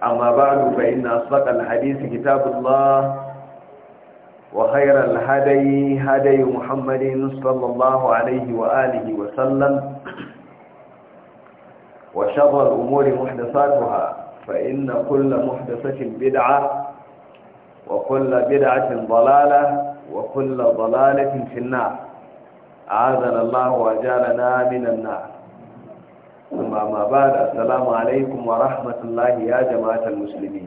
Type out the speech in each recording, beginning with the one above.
ama ba a duba ina saƙa alhadisi kitabullah wa hairar hadayi hadayi muhammadin sallallahu alaihi wa alihi wa sallam wa shabar umori fa ina kulla muhdasashin bid'a wa kulla bid'acin dalala wa kulla dalalatin finna a azanallahu wa jalana minan na. amma ma ba da assalamu alaikum wa rahmatullahi ya jama'atar musulmi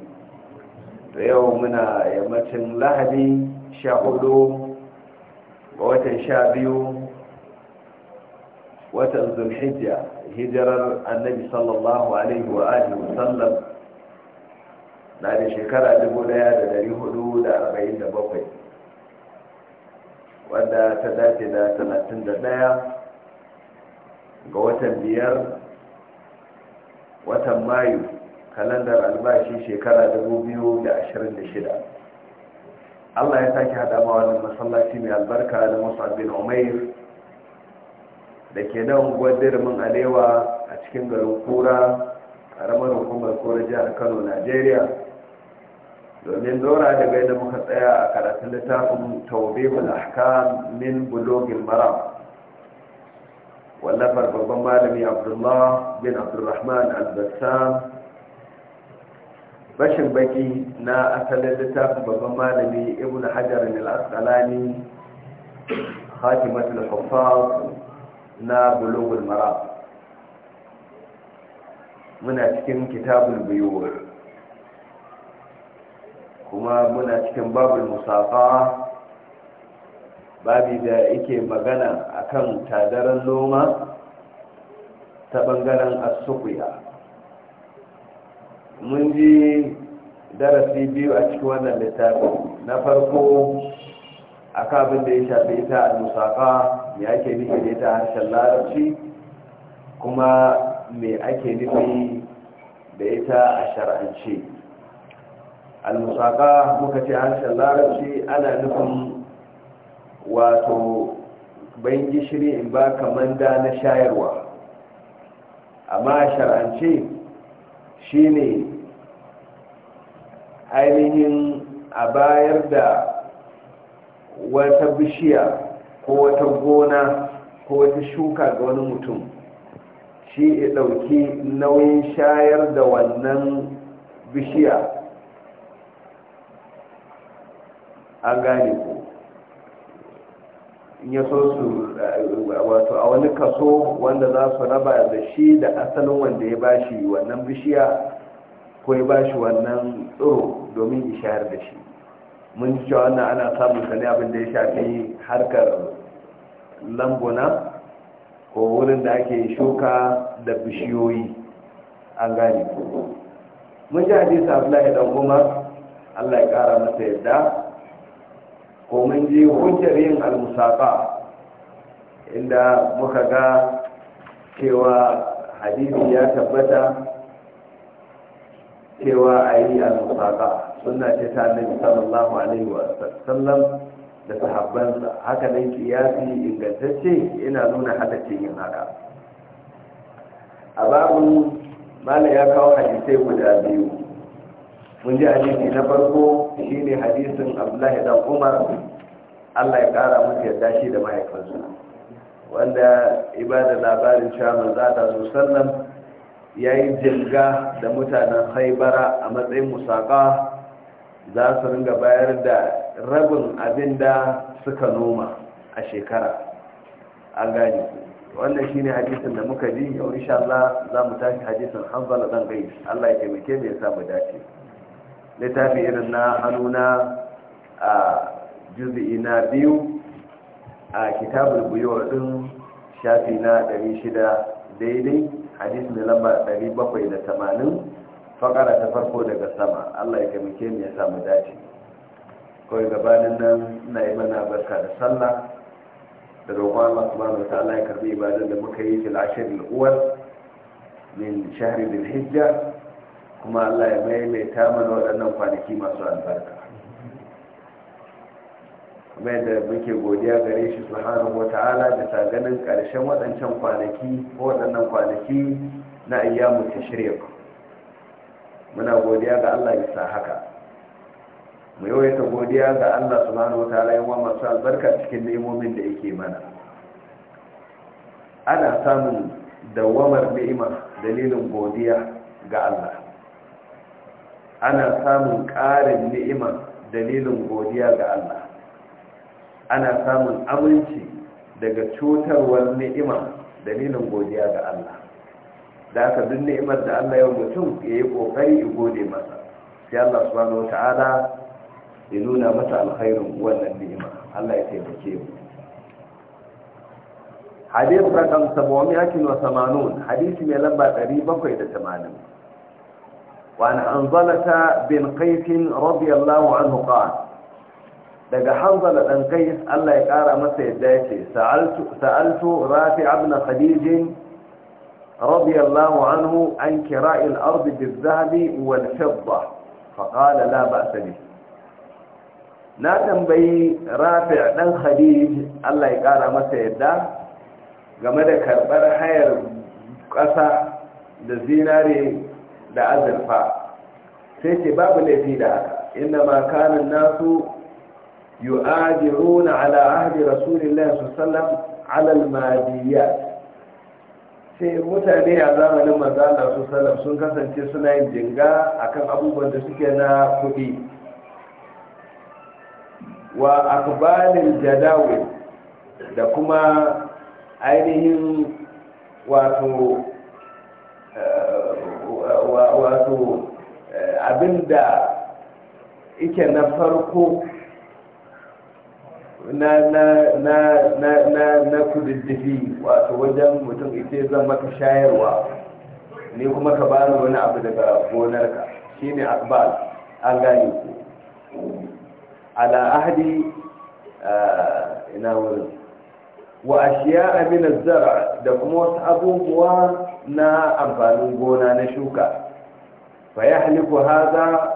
to yau muna yammacin lahadi sha hudu ga watan sha biyu watan zulhijja hijirar annabi sallallahu alaihi wa alihi wasallam na da shekara 1447 wadda ta dace da 31 ga watan biyar watan mayu kalandar albashi shekara 2026 Allah ya sake hada ma wannan masallaci mai albarka da Musa bin Umair da ke nan gwadirmin alewa a cikin garin kura karamar hukumar kura jihar kano Najeriya domin da daga da muka tsaya a karatun littafin taube ahkam min bulogin maram wallafar babban malami abdullah bin abdulrahman albassam bashin baki na asalin littafin babban malami ibn hajar al-asqalani khatimatul huffaz na bulugul mara muna cikin kitabul buyur kuma muna cikin babul musafa babi da yake magana akan tadaran noma ta bangaren asukuya mun ji darasi biyu a cikin wannan littafin na farko aka abin da ya shafi ta al musaka ya ke nufi da ita harshen larabci kuma me ake nufi da ita a shar'ance al-musaka muka ce harshen larabci ana nufin wato bayan shiri in ba ka manda na shayarwa amma shar'ance shi ne ainihin a bayar da wata bishiya ko wata gona ko wata shuka ga wani mutum shi ya ɗauki nauyin shayar da wannan bishiya an gane ku ya so su eh, wato a wani kaso wanda za su raba da shi da asalin wanda ya bashi wannan bishiya ko ya bashi wannan tsiro domin ishayar da shi mun ji cewa wannan ana samun sani abin da ya shafi harkar lambuna ko wurin da ake shuka da bishiyoyi an gane mun ji hadisa abu dan umar Allah ya kara masa yadda ko mun ji hujjar yin almusafa inda muka ga cewa hadisi ya tabbata cewa a yi almusaka suna ce ta annabi sallallahu alaihi wa sallam da sahabbansa haka nan kiyasi ingantacce ina nuna halaccin yin haka a mala ya kawo hadisai guda biyu mun ji hadisi na farko shine hadisin abdullahi dan umar allah ya kara musu yadda shi da mahaifinsa wanda ibada labarin cewa zata su sannan ya yi jirga da mutanen haibara a matsayin musaka za su ringa bayar da rabin abin da suka noma a shekara an gani wannan shine hadisin da muka ji yau insha Allah za mu tashi hadisin hanzala dan gai Allah ya taimake mu ya samu dace littafi irin na hannuna a juzi'i na biyu a kitabul buyuwar ɗin shafi na 600 daidai hadis mai lamba 780 fakara ta farko daga sama allah ya taimake mu ya samu dace kawai gabanin nan na yi mana barka da sallah da roƙon allah subhanahu wa ya karbi ibadar da muka yi fil ashr al-awwal min hijja kuma Allah ya maimaita mana waɗannan kwanaki masu albarka kuma yadda muke godiya gare shi hannun wata'ala bisa ganin ƙarshen waɗancan kwanaki ko waɗannan kwanaki na ayyamu shirya. muna godiya ga Allah bisa haka mu yawaita godiya ga Allah hannun wata'ala yawan masu albarka cikin nemomin da yake mana ana samun dawamar ni'ima dalilin godiya ga Allah ana samun ƙarin ni'ima dalilin godiya ga Allah ana samun aminci daga cutarwar ni'ima dalilin godiya ga Allah da aka duk ni'imar da Allah yau mutum ya yi ƙoƙari ya gode masa sai Allah subhanahu wa ta'ala ya nuna mata alkhairin wannan ni'ima Allah ya taimake mu hadith rakam 780 hadisi mai lamba 780 وعن أنظلة بن قيس رضي الله عنه قال daga hanzala dan kais Allah ya kara masa yadda yake sa'altu sa'altu rafi ibn khadij radiyallahu anhu an kira'i al-ard bil-dhahab wal-fidda na tambayi rafi ɗan khadij Allah ya ƙara masa yadda game da karɓar hayar ƙasa da zinare da azurfa sai ce babu laifi da haka inna ma kanin nasu yu'adiruna ala ahdi rasulillahi sallallahu alal madiyat sai mutane a zamanin mazala su sallam sun kasance suna yin jinga akan abubuwan da suke na kuɗi wa akbalin jadawin da kuma ainihin wato wato eh, abinda ike na farko na na kududdufi wato wajen mutum ita zama ka shayarwa ne kuma ka bani wani abu daga gonarka shine akbal an gane ku ala ahdi eh, ina wurin wa ashiya abin zara da kuma wasu abubuwa na amfanin gona na shuka fa ya haza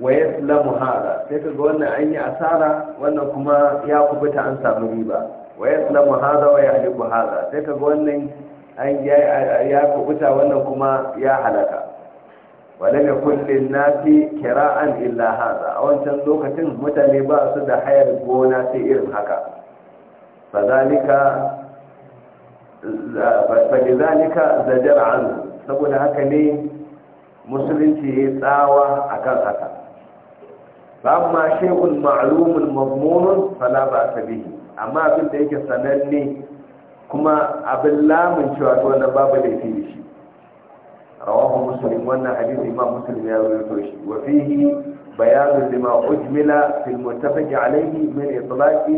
wa ya lamu haza sai kaga wannan an yi asara wannan kuma ya kubuta an samu riba wa ya lamu haza wa ya haliku haza sai kaga wannan an ya kubuta wannan kuma ya halaka wale mai kullum na fi kira'an illa haza a wancan lokacin mutane ba su da hayar gona sai irin haka fazalika zajar an saboda haka ne musulunci ya tsawa akan haka amma shekul ma'alumin mazmunun Salaba ba ta bihi amma abin da yake sananne kuma abin lamun cewa ta wannan babu laifi da shi rawahu musulun wannan hadisi ma musulun ya rawaito shi wa fihi bayanun lima ujmila fil muttafaqi alayhi min itlaqi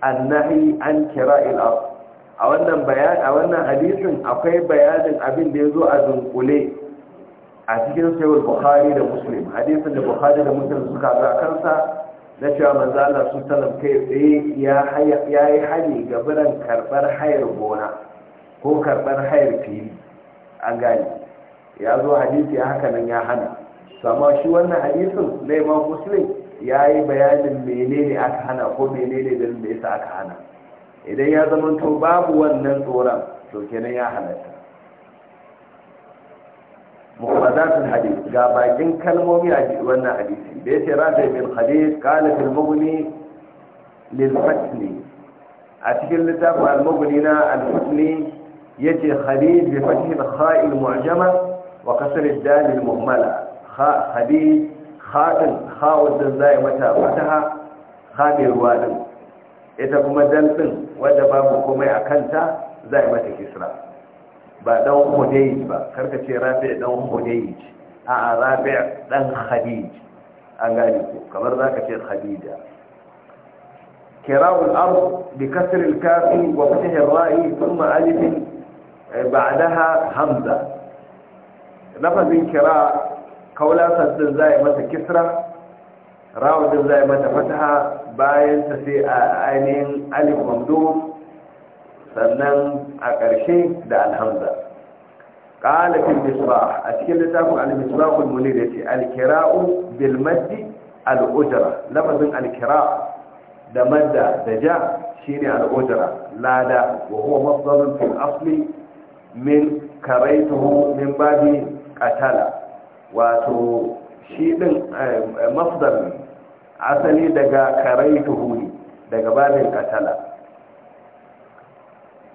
an-nahy an kira'i al-ard a wannan bayan a wannan hadisin akwai bayanin abin da yazo a dunkule a cikin sayar Buhari da muslim hadisin da Buhari da muslim suka za kansa na cewa manzana Allah su sallam kai tsaye ya yi hali ga biran karbar hayar gona ko karbar hayar fili an gani ya zo hadisi haka nan ya hana sama shi wannan hadisin na imam muslim ya yi bayanin menene aka hana ko menene da yasa aka hana idan ya zama to babu wannan tsoron to kenan ya halatta mukhrajatul hadith ga bakin kalmomi a wannan hadisi da yace rafi bin hadith qala fil mughni lil fatni a cikin littafin al-mughni na al-fatni yace hadith bi fathi al-kha'i al-mu'jama wa kasr al-dal al-muhmala kha hadith zai mata ita kuma dal wanda babu komai a kanta zai mata kisra ba dan hudayj ba karka ce dan hudayj dan khadij an kamar zaka ce khadija كراء الأرض بكسر الكاف وفتح الراء ثم ألف بعدها همزة لفظ كراء قولا سد زائمة كسرة راو زائمة فتحة باين تسي عينين ألف ممدود sannan a ƙarshe da alhamza ƙalafin misbah a cikin littafin al-misbahul munir yace da kirau bil Bilmaddi al lafazin alkira da madda da ja shine al-ujra lada wa huwa masdarun fil asli min karaituhu min babi katala wato shi ɗin eh, masdar asali daga karaituhu daga babin ƙatala.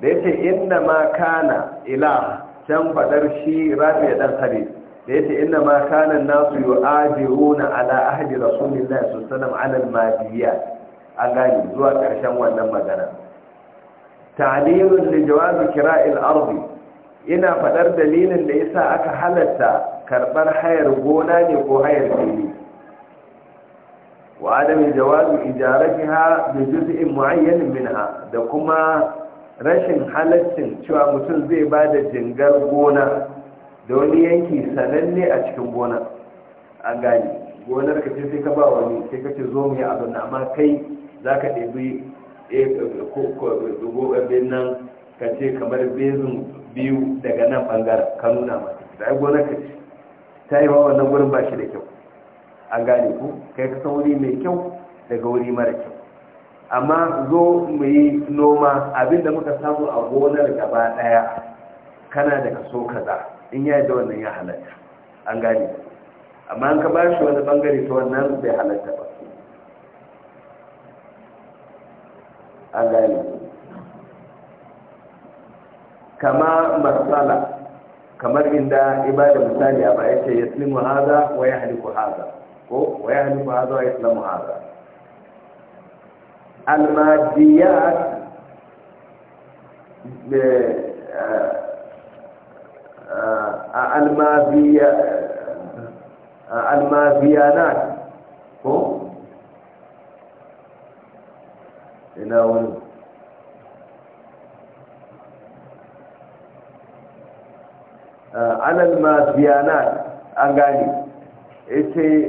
da yace inna ma kana ila can fadar shi rafi dan hadis da yace inna ma kana nasu yu'adiruna ala ahdi rasulillahi sallallahu alaihi wasallam alal al-madiyat an gani zuwa ƙarshen wannan magana ta'lilun li jawazi kira ardi ina fadar dalilin da yasa aka halatta karbar hayar gona ne ko hayar fili wa adam jawazi ijaratiha bi juz'in mu'ayyan ha, da kuma rashin halaccin cewa mutum zai ba da jingar gona da wani yanki sananne a cikin gona a gani gonar ka ce sai ka ba wani sai ka ce zo mu yi abin amma kai za ka ɗabi eh, abin nan ka ce kamar bezin biyu daga nan ɓangaren ka nuna mata da ai gonar ka ce ta yi wa wannan gurin ba shi da kyau a gane ku kai ka san wuri mai kyau daga wuri mara kyau amma zo mu yi noma abinda muka samu a gonar gaba daya kana da kaso kaza in yayi da wannan ya halatta an gane amma an ka bashi wani bangare ta wannan bai halatta ba an gane kama masala, kamar inda ibada misali a baya ce yaslimu haza wa ya haliku haza ko wa ya haliku haza wa ya islamu haza الماديات آه، آه، المافيانات آه، هو إلى ولو على المافيانات أغاني إيش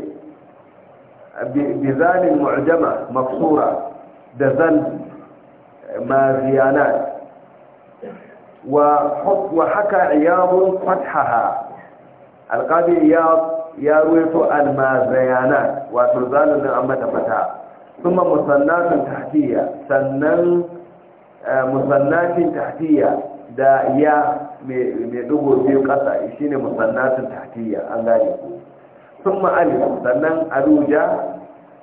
بذال المعجمة مقصورة da zan maziyanat wa haka iyamun fathaha alƙadi ya ruwaito almazayana wato zanen an mata fata kuma eh, musannatin tahtiya sannan musannatin tahtiya da ya mai dugo biyu ƙasa shi ne musannatin tahtiya an gane ku sun ma'alif sannan aruja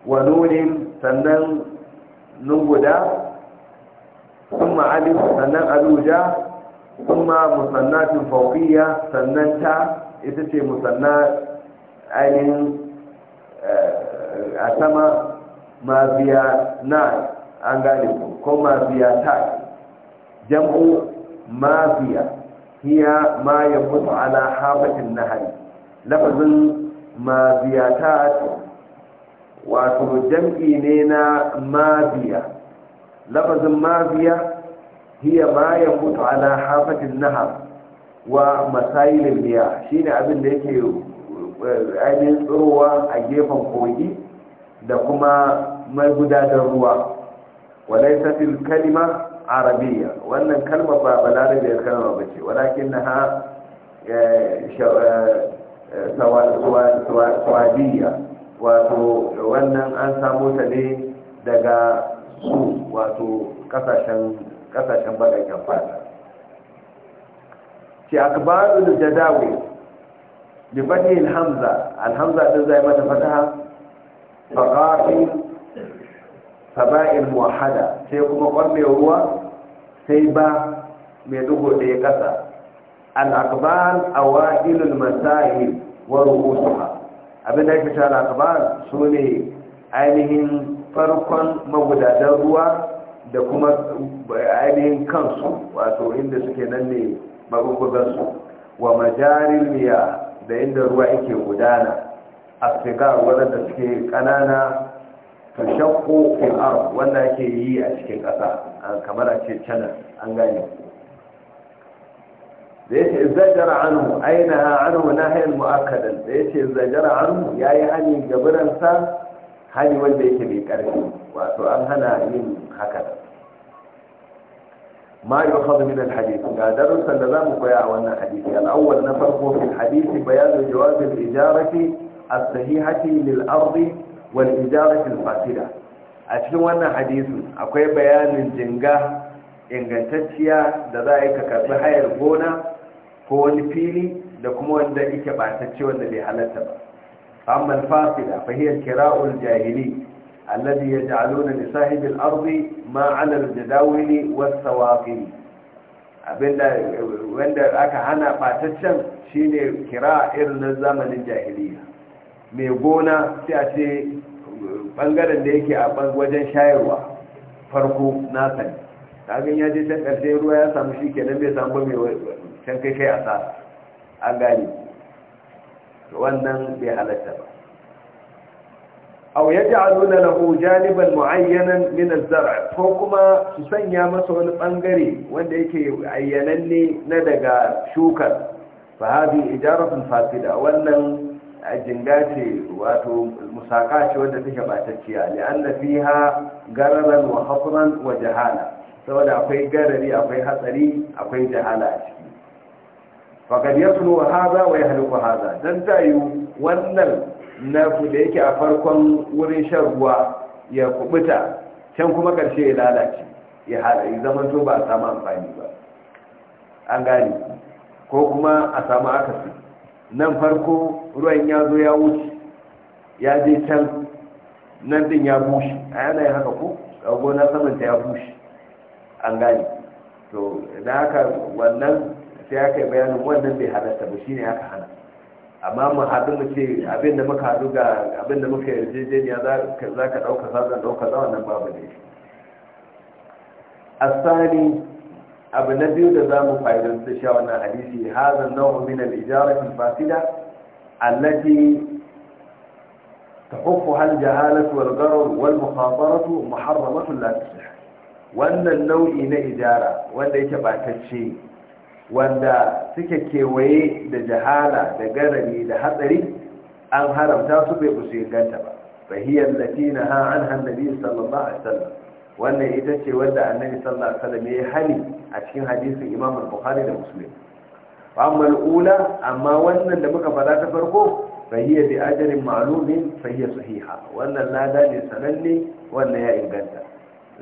wa nunin sannan nun guda sun alif sannan aluja summa musannatin fawqiyya sannan ta ita ce musanna ainihin a sama maziya na an gani ko maziya ta jam'u maziya hiya ma yamutu ala hafatin nahari lafazin ta wato jam'i ne na mabiya lafazin mabiya hiya ma ya mutu ala hafatin nahar wa masailin biya shine abin da yake eh, ainihin tsirowa a gefen kogi da kuma mai gudanar ruwa walai safil kalima arabiya wannan kalma ba balarabiyar kalma ba ce walakin na ha eh, wato wannan an samu ta ne daga su wato kasashen bagagen fata ce akbaru jadawi bi fathi alhamza alhamza din zai mata fataha faqafi saba'in muwahhada sai kuma kwarme ruwa sai ba mai dugo da ya kasa al akbar awailul masahib wa ru'usuha abin da ake tara ba su ne ainihin farkon magudadan ruwa da kuma ainihin kansu wato inda suke nan ne magugugansu wa majarin miya da inda ruwa yake gudana a sigar waɗanda suke ƙanana ta shakko fil'ar wanda ake yi a cikin ƙasa kamar a ce canar an gane da yake zajara anu ainiha anu da yake zajara anu ya yi hanyar gabiransa hanyar wanda yake mai ƙarfi wato an hana yin haka ma yi wakadu min alhadis ga darussan da za koya a wannan hadisi al'awwal na farko fil hadisi jawabin ijarafi a sahihati lil ardi wal ijarafin fasida a cikin wannan hadisin akwai bayanin jinga ingantacciya da za a yi ka karbi hayar gona ko wani fili da kuma wanda yake batacce wanda bai halatta ba amma al-fasida fa hiya kira'ul jahili alladhi yaj'aluna li sahibi al-ardi ma 'ala al-jadawili was-sawaqil abinda wanda aka hana bataccen shine kira irin na zamanin jahiliya mai gona sai a ce bangaren da yake a wajen shayarwa farko na sani kagin ya je can ruwa ya samu shi kenan bai samu mai can kai kai asara an gane wannan bai halatta ba aw yaj'aluna lahu janiban mu'ayyanan min az-zar' ko kuma su sanya masa wani bangare wanda yake ayyananne na daga shukar fa hadi ijaratun fasida wannan jinga ce wato musaka ce wanda take batacciya li'anna fiha gararan wa hasran wa jahala saboda akwai garari akwai hatsari akwai jahala a ciki faƙad ya suno haza wa ya halittu haza don ta yi wannan naku da yake a farkon wurin shan ruwa ya kubuta can kuma ƙarshe ya lalace ya haɗari zaman to ba a samu amfani ba an gani ko kuma a samu akasi nan farko ruwan ya zo ya wuce ya je can nan din ya bushe a yanayin haka ko gona samanta ya bushe an gani to da haka wannan sai aka yi bayanin wannan bai halatta ba shine aka hana amma mu haɗu mu ce abin da muka haɗu ga abin da muka yarjejeniya za ka ɗauka za zan ɗauka za wannan babu ne asali abu na biyu da za mu fa'idan su sha wannan hadisi hazan nau'u min al-ijarati fasida allati tahuffu hal jahalatu wal gharar wal mukhataratu muharramatu la wannan nau'i na ijara wanda yake batacce wanda suke kewaye da jahala da garari da hatsari an haramta su bai kusa inganta ba fahiyar na ha an hannabi sallallahu alaihi wasallam wannan ita ce wanda annabi sallallahu alaihi wasallam ya hali a cikin hadisin imam bukhari da muslim fa amma ula amma wannan da muka fada ta farko fahiyar bi ajrin ma'lumin fahiyar sahiha wannan lada ne sananne wannan ya inganta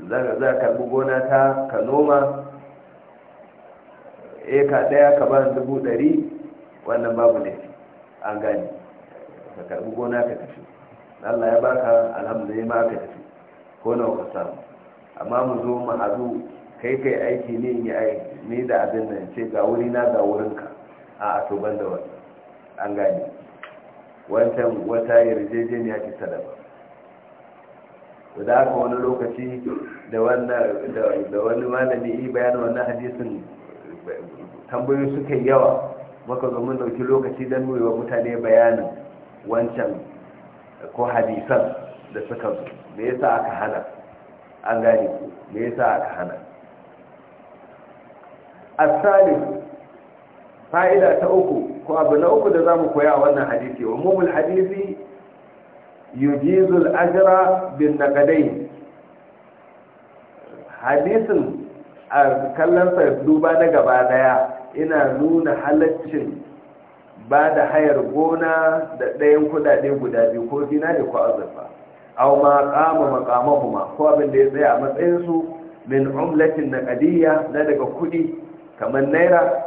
za ka karbi gona ta ka noma eka daya ka ba dubu ɗari wannan babu laifi an gani ka karbi gona ka tafi allah ya baka alhamdulillah ma ka tafi ko nawa ka samu amma mu zo mu haɗu kai kai aiki ne ni ni da abin nan ce ga wuri na ga wurin ka. a to ban da wani an gani wancan wata yarjejeniya ce ta daban da aka wani lokaci da wani malami yi bayan wannan hadisin tambayoyi suka yawa maka zo mun dauki lokaci don nuna wa mutane bayanin wancan ko hadisan da suka zo me yasa aka hana an gane ku me yasa aka hana asali fa'ida ta uku ko abu na uku da zamu koya wannan hadisi wa mumul hadisi yujizul ajira, bin naqadain hadisin a kallonsa duba na gaba daya ina nuna halaccin ba da hayar gona da ɗayan kudade guda biyu ko gina ko azurfa aw ma qama maqamahuma ko abin da ya tsaya a matsayin su min umlatin naqadiyya na daga kudi kamar naira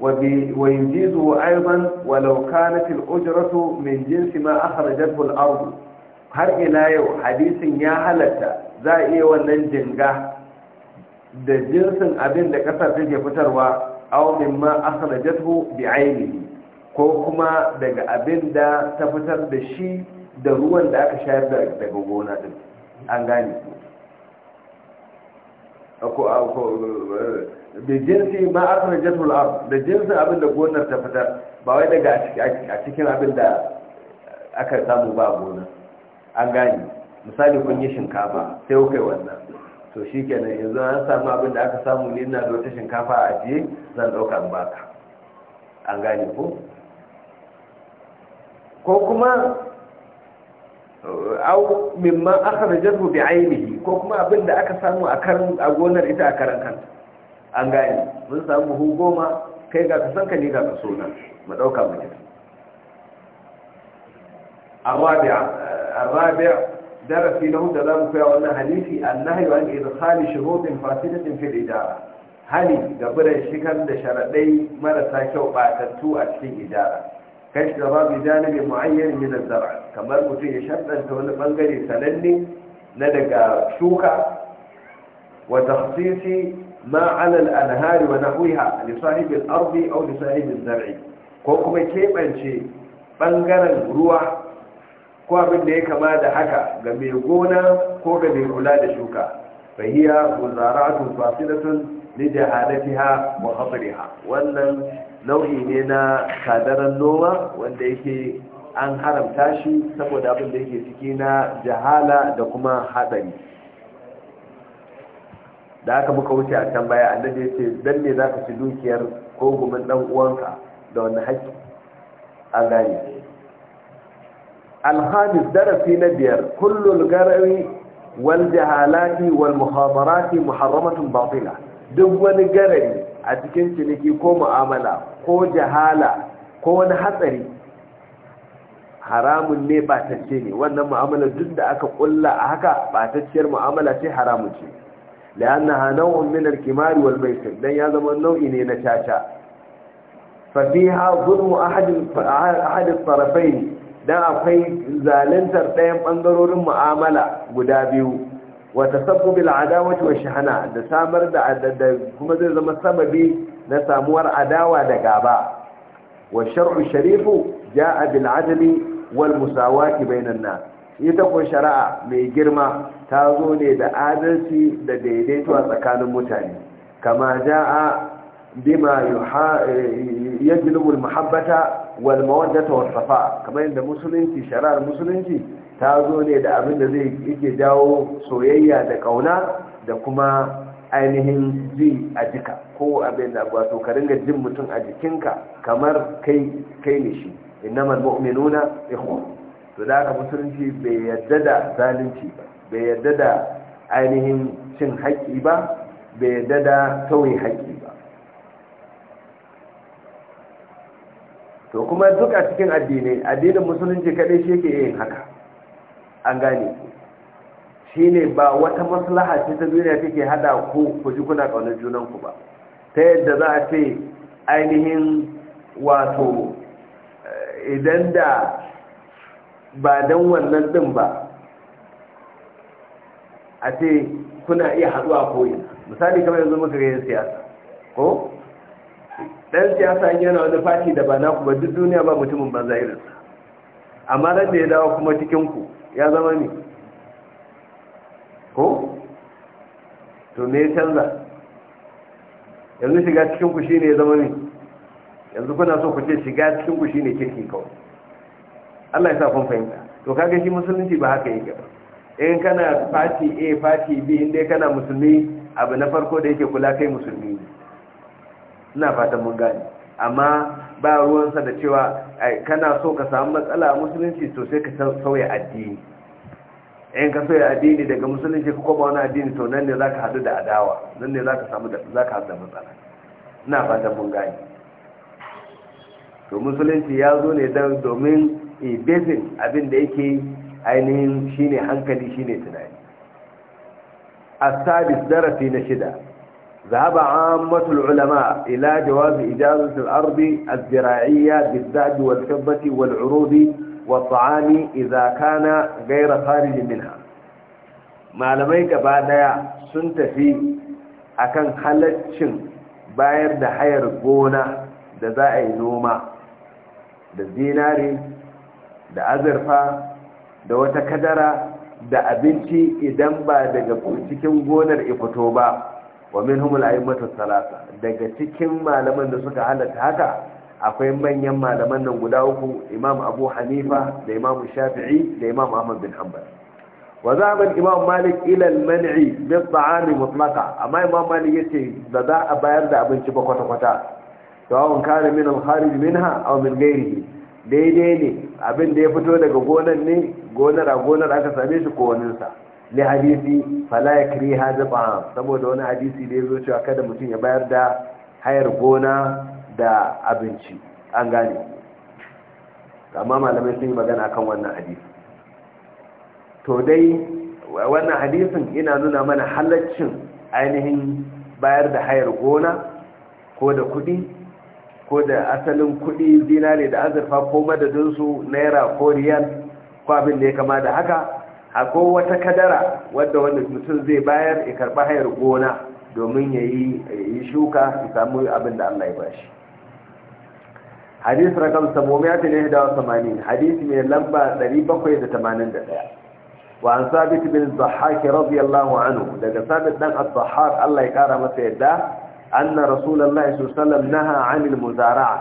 wa yunjizu aidan walau kanat al-ujratu min jinsi ma akhrajathu al-ard har ila yau hadisin ya halatta za a iya wannan jinga da jinsin abin da kasar take fitarwa aw mimma akhrajathu bi ainihi ko kuma daga abin da ta fitar da shi da ruwan da aka shayar daga gona din an gane da jinsi ma akhrajatul ard da jinsin abin da gonar ta fitar ba wai daga a cikin abin da aka samu ba gona an gane misali kun yi shinkafa sai kai wannan to shi kenan yanzu an samu abin da aka samu ne na da wata shinkafa a ajiye zan ɗauka in baka an gane ko ko kuma uh, au mimma akhrajahu bi ainihi ko kuma abin da aka samu a karin a gonar ita a karan kanta an gane mun samu hu goma kai ga kasan ka ne ga kaso na mu dauka mu ji arabi'a uh, arabi'a darasi na hudu da za mu koya wannan hadisi annahi wa idkhali shurutin fasidatin fil idara hali ga biran shigar da sharaɗai marasa kyau batattu a cikin idara kai da babu janibi muayyan min az-zar' kamar mutum ya shaddanta wani bangare sananne na daga shuka wa takhsisi ma 'ala al-anhari wa nahwiha a sahibi al-ardi aw li sahibi az ko kuma keɓance ɓangaren ruwa ko abin da ya kama da haka ga mai gona ko ga mai kula da shuka fahiya muzaratun fasilatun li ha wa ha wannan nau'i ne na kadaran noma wanda yake an haramta shi saboda abin da yake ciki na jahala da kuma hatsari da aka muka wuce a can baya annabi ya ce dan ne za ka fi dukiyar ko gumin dan uwanka da wani haƙƙi an gane alhamis darasi na biyar kullul garawi wal jahalati wal muhadarati muharramatun batila duk wani garari a cikin ciniki ko mu'amala ko jahala ko wani hatsari haramun ne batacce ne wannan mu'amala duk da aka ƙulla a haka batacciyar mu'amala ce haramun ce la'annaha naw'un min al-kimari wal maisir dan ya zama nau'i ne na caca fa fiha zulmu ahad ahad dan akwai zaluntar ɗayan ɓangarorin mu'amala guda biyu wata sabbubil adawati wa shahana da samar da kuma zai zama sababi na samuwar adawa da gaba wa shar'u sharifu ja'a bil adli wal musawati bainan nas ita ko shari'a mai girma ta zo ne da adalci da daidaito a tsakanin mutane kama ja'a bima yajlubu al muhabbata wal ta was safa kamar yadda musulunci shari'ar musulunci ta zo ne da abin da zai yake dawo soyayya da kauna da kuma ainihin ji a jika ko abin da wato ka ringa jin mutum a jikinka kamar kai kai ne shi innamal mu'minuna ikhwan to da ka musulunci bai yadda da zalunci ba bai yadda da ainihin cin haƙƙi ba bai yadda da tauye haƙƙi to kuma duk a cikin addinai addinin musulunci kadai shi ke yin haka an gane shi ne ba wata maslaha ce ta duniya take hada ku ku ji kuna ƙaunar junanku ba ta yadda za a ce ainihin wato eh, idan da ba don wannan ɗin ba a ce kuna iya haɗuwa koyi misali kamar yanzu muka ga yin siyasa ko dan siyasa yana wani fati da ba naku ba duk duniya ba mutumin banza irinsa amma ran da ya dawo kuma cikin ku ya zama ne ko to me ya canza yanzu shiga cikin ku shine ya zama ne yanzu kuna so ku ce shiga cikin ku shine kirki kawai Allah ya sa kun fahimta to kaga shi musulunci ba haka yake ba in kana fati A fati B inda kana musulmi abu na farko da yake kula kai musulmi ne ina fatan mun gane amma ba ruwansa da cewa kana so ka samu matsala a musulunci to sai ka sauya addini in ka sauya addini daga musulunci ka koma wani addini to nan ne za ka hadu da adawa nan ne za ka samu da za ka da matsala ina fatan mun gane to musulunci ya zo ne domin ibezin abin da yake ainihin shine hankali shine tunani a sabis darasi na shida ذهب عامة العلماء إلى جواز إجازة الأرض الزراعية بالذهب والفضة والعروض والطعام إذا كان غير خارج منها ما لميك بعد سنت في أكن خلتشن باير دحير قونة دزائي نومة دزيناري دأزرفة da wata kadara da abinci idan ba daga cikin gonar ifito ba wa minhum al-a'immatu salasa, daga cikin malaman da suka halatta haka akwai manyan malaman nan guda uku imam abu hanifa da imam shafi'i da imam ahmad bin hanbal wa zaba imam malik ilal mani bi at-ta'am mutlaqa amma imam malik yace da za a bayar da abinci ba kwata kwata an kare min al-kharij minha aw min ghayrihi daidai ne abin da ya fito daga gonar ne gonar a gonar aka same shi ko sa li hadisi fala yakri hadha saboda wani hadisi da zo cewa kada mutum ya bayar da hayar gona da abinci an gane amma malamai sun yi magana kan wannan hadisi to dai wannan hadisin ina nuna mana halaccin ainihin bayar da hayar gona ko da kudi ko da asalin kudi dinare da azurfa ko madadinsu naira ko riyal ko abin da ya kama da haka akwai wata kadara wadda wanda mutum zai bayar ya karɓi hayar gona domin ya yi shuka su samu abin da Allah ya bashi hadis rakam samomiyatin ihda wa samanin hadis mai lamba 781 wa an sabit bin zahhak radiyallahu anhu daga sabit dan az-zahhak Allah ya kara masa yadda anna rasulullahi sallallahu alaihi wasallam naha 'anil muzara'a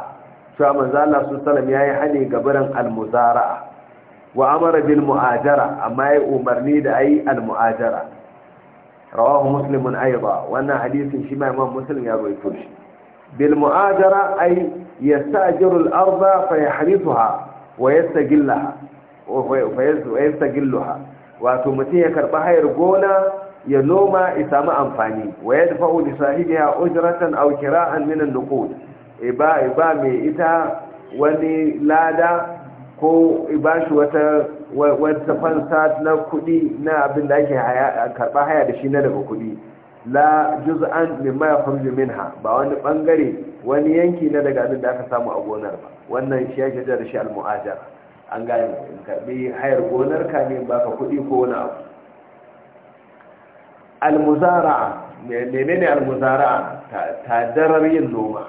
cewa manzo Allah sallallahu alaihi wasallam yayi hani gabaran al-muzara'a wa amara bil mu'ajara amma ya umarni da ayi al mu'ajara rawahu muslimun aiba wannan hadisin shi ma imam muslim ya rawaito shi bil mu'ajara ay yastajiru al arda fa yahrithuha wa yastajillaha wa yastajilluha wato mutum ya karba hayar gona ya noma ya samu amfani wa ya dafa uli ujratan aw kira'an min an-nuqud iba iba mai ita wani lada ko bashi wata wata fansa na kuɗi na abin da ake karba haya da shi na daga kuɗi la juz'an mimma yakhruju minha ba wani bangare wani yanki na daga abin da aka samu a gonar ba wannan shi yake da shi al-mu'ajar an ga in karbi hayar gonar ka ne baka kuɗi ko wani abu al-muzara'a menene al-muzara'a ta darar yin noma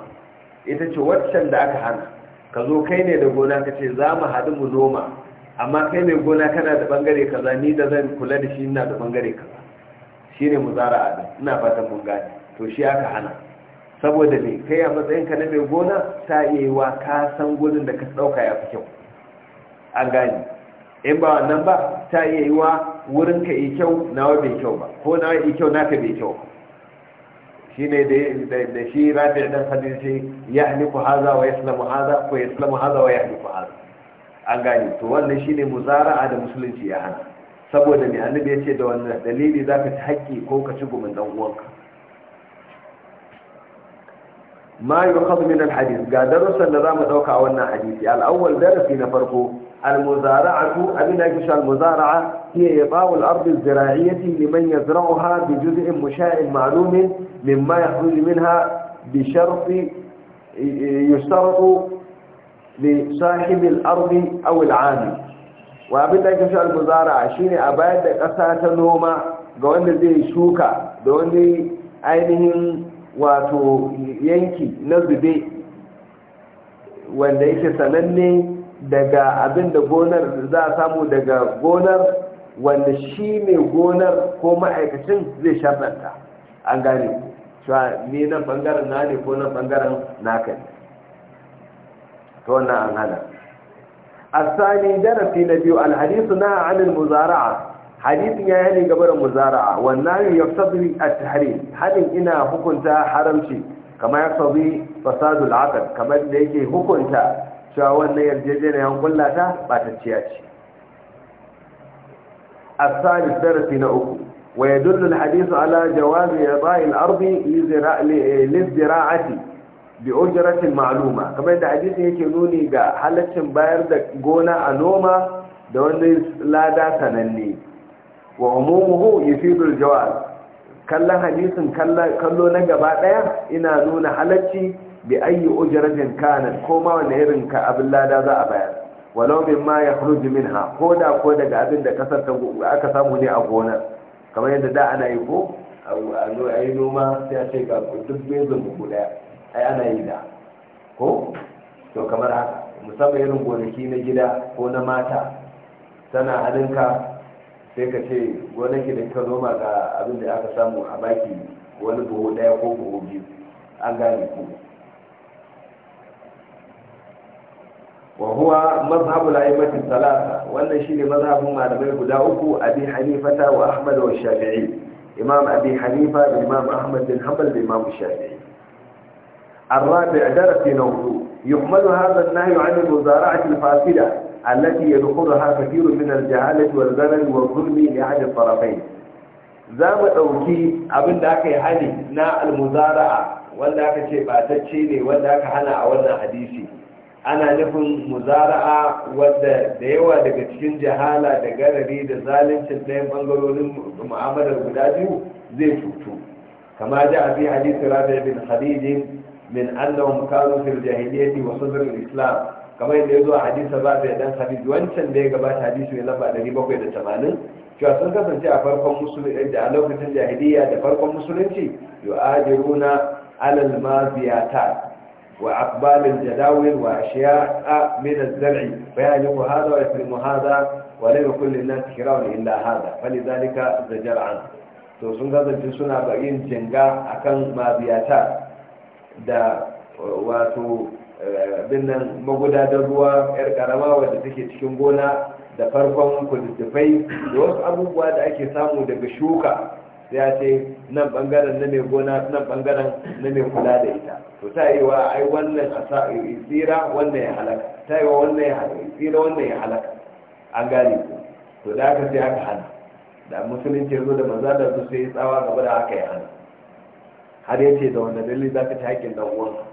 ita ce waccan da aka hana ka zo kai ne da gona ka ce za mu haɗu mu noma amma kai mai gona kana da bangare kaza ni da zan kula da shi ina da bangare kaza shi ne mu a ɗin ina fatan mun gane to shi aka hana saboda ne kai a matsayinka na mai gona ta iya wa ka san gudun da ka ɗauka ya fi kyau an gane in ba wannan ba ta iya yi wa wurinka yi kyau nawa bai kyau ba ko nawa yi kyau naka bai kyau ba shine da shi rabi dan hadisi shi ya haliku haza wa yaslamu haza ko yaslamu haza wa ya haliku haza an gani to wannan shine muzara'a da musulunci ya hana saboda ne annabi ya ce da wannan dalili za ka ci haƙƙi ko ka ci gumin dan uwanka ma yuqad min al ga darussan da zamu dauka wannan hadisi al awwal darasi na farko المزارعة أبي نجش المزارعة هي إضاء الأرض الزراعية لمن يزرعها بجزء مشاء معلوم مما يخرج منها بشرط يشترط لصاحب الأرض أو العامل وأبي نجش المزارعة شين أباد قصة نومة قوان زي شوكة دون ainihin wato yanki na zube wanda yake sananne daga abinda gonar za a samu daga gonar wanda shi ne gonar ko ma'aikacin zai shafanta an gane shi ne na bangaren na ne ko na bangaren na kai. To tona an hana asali darasi na biyu alhadisu na anil muzara'a hadisin ya yi gaba da muzara'a wannan ya sabbi a tare hadin ina hukunta haramci kamar ya sabbi fasadul aqd kamar da yake hukunta cewa wannan yarjejeniyar ba ta batacciya ce asali darasi na uku wa yadullu Hadisu ala jawazi ida'i al-ard lizira'ati bi ma'aluma, ma'aluma kamar da Hadisu yake nuni ga halaccin bayar da gona a noma da wani lada sananne wa umumuhu fi al-jawaz kallon hadisin kallo na gaba ɗaya ina nuna halacci bi ayi ujratin kana ko ma wani irin ka abin lada za a bayar walau min ma ya yakhruju minha ko da ko daga abin da kasar ta aka samu ne a gona kamar yadda da ana yi ko a zo ayi noma sai a ce ga duk bezin buku daya ai ana yi da ko to kamar haka musamman irin gonaki na gida ko na mata tana hannunka sai ka ce gonaki da ka noma ga abin da aka samu a baki wani buhu daya ko buhu biyu an gane ku wa huwa mazhabu la'immati salasa wannan shine mazhabun malamai guda uku abi hanifata wa ahmad wa shafi'i imam abi hanifa da imam ahmad bin hanbal da imam shafi'i الرابع درس نوضو يحمل هذا النهي عن المزارعة الفاسدة التي يدخلها كثير من الجهالة والزلل والظلم لأحد الطرفين زام أوكي أبن ذاك هني نا المزارعة ولا كشيء باتشيني ولا كهنا أولنا حديثي ana nufin muzara'a wadda da yawa daga cikin jahala da garari da zalincin ɗayan ɓangarorin mu'amalar guda biyu zai cutu kama ji a fi hadisi rabi bin khadijin min annahum kanu fil jahiliyyati wa sadr al-islam kama yadda yazo a ba rabi dan khadij wancan da ya gabata hadisi mai lamba 780 cewa sun kasance a farkon musulunci da a lokacin jahiliyya da farkon musulunci yu'ajiruna alal mafiyata وأقبال الجداول وأشياء من الزرع فيهلك هذا ويحرم هذا ولم يكن للناس كراون إلا هذا فلذلك زجر عنه to sun kasance suna bayin jinga akan mabiyata da wato eh, binnan magudadar ruwa yar karama wadda take cikin gona da farkon kududdufai da wasu abubuwa da ake samu daga shuka sai ya ce nan bangaren na mai gona na mai kula da ita to ta yi wa ai wannan a sa eh, tsira wannan ya halaka ta yi wa wannan ya eh, tsira wannan ya halaka an gani ku to da aka sai aka hana da musulunci zo da maza da su sai ya tsawa gaba da aka yi hana har ya ce da wanda dalilin za ka ci haƙƙin dan uwanka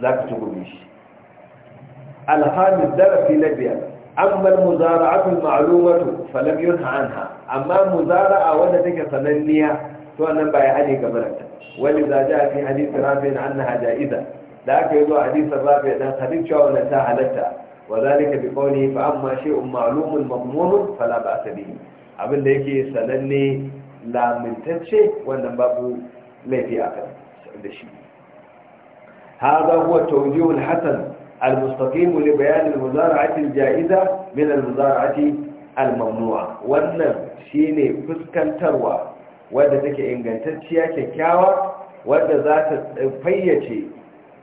za ka ci gumi shi alhamis darasi na biyar amma muzara'atul ma'lumatu falam yunha anha amma muzara'a wanda take sananniya to wannan ba ya hane ga ta. ولذا جاء في حديث رافع عنها جائزه لكن يقول حديث الرافع لا تريد شو ولا تاهلتا وذلك بقوله فاما شيء معلوم مضمون فلا باس به abin Abinda yake sananne lamintacce wannan babu laifi a kan da shi haza huwa tawjihul hasan almustaqim li bayan almuzara'ati aljaiza min almuzara'ati almamnu'a wannan shine fuskantarwa wadda take ingantacciya kyakkyawa wadda za ta fayyace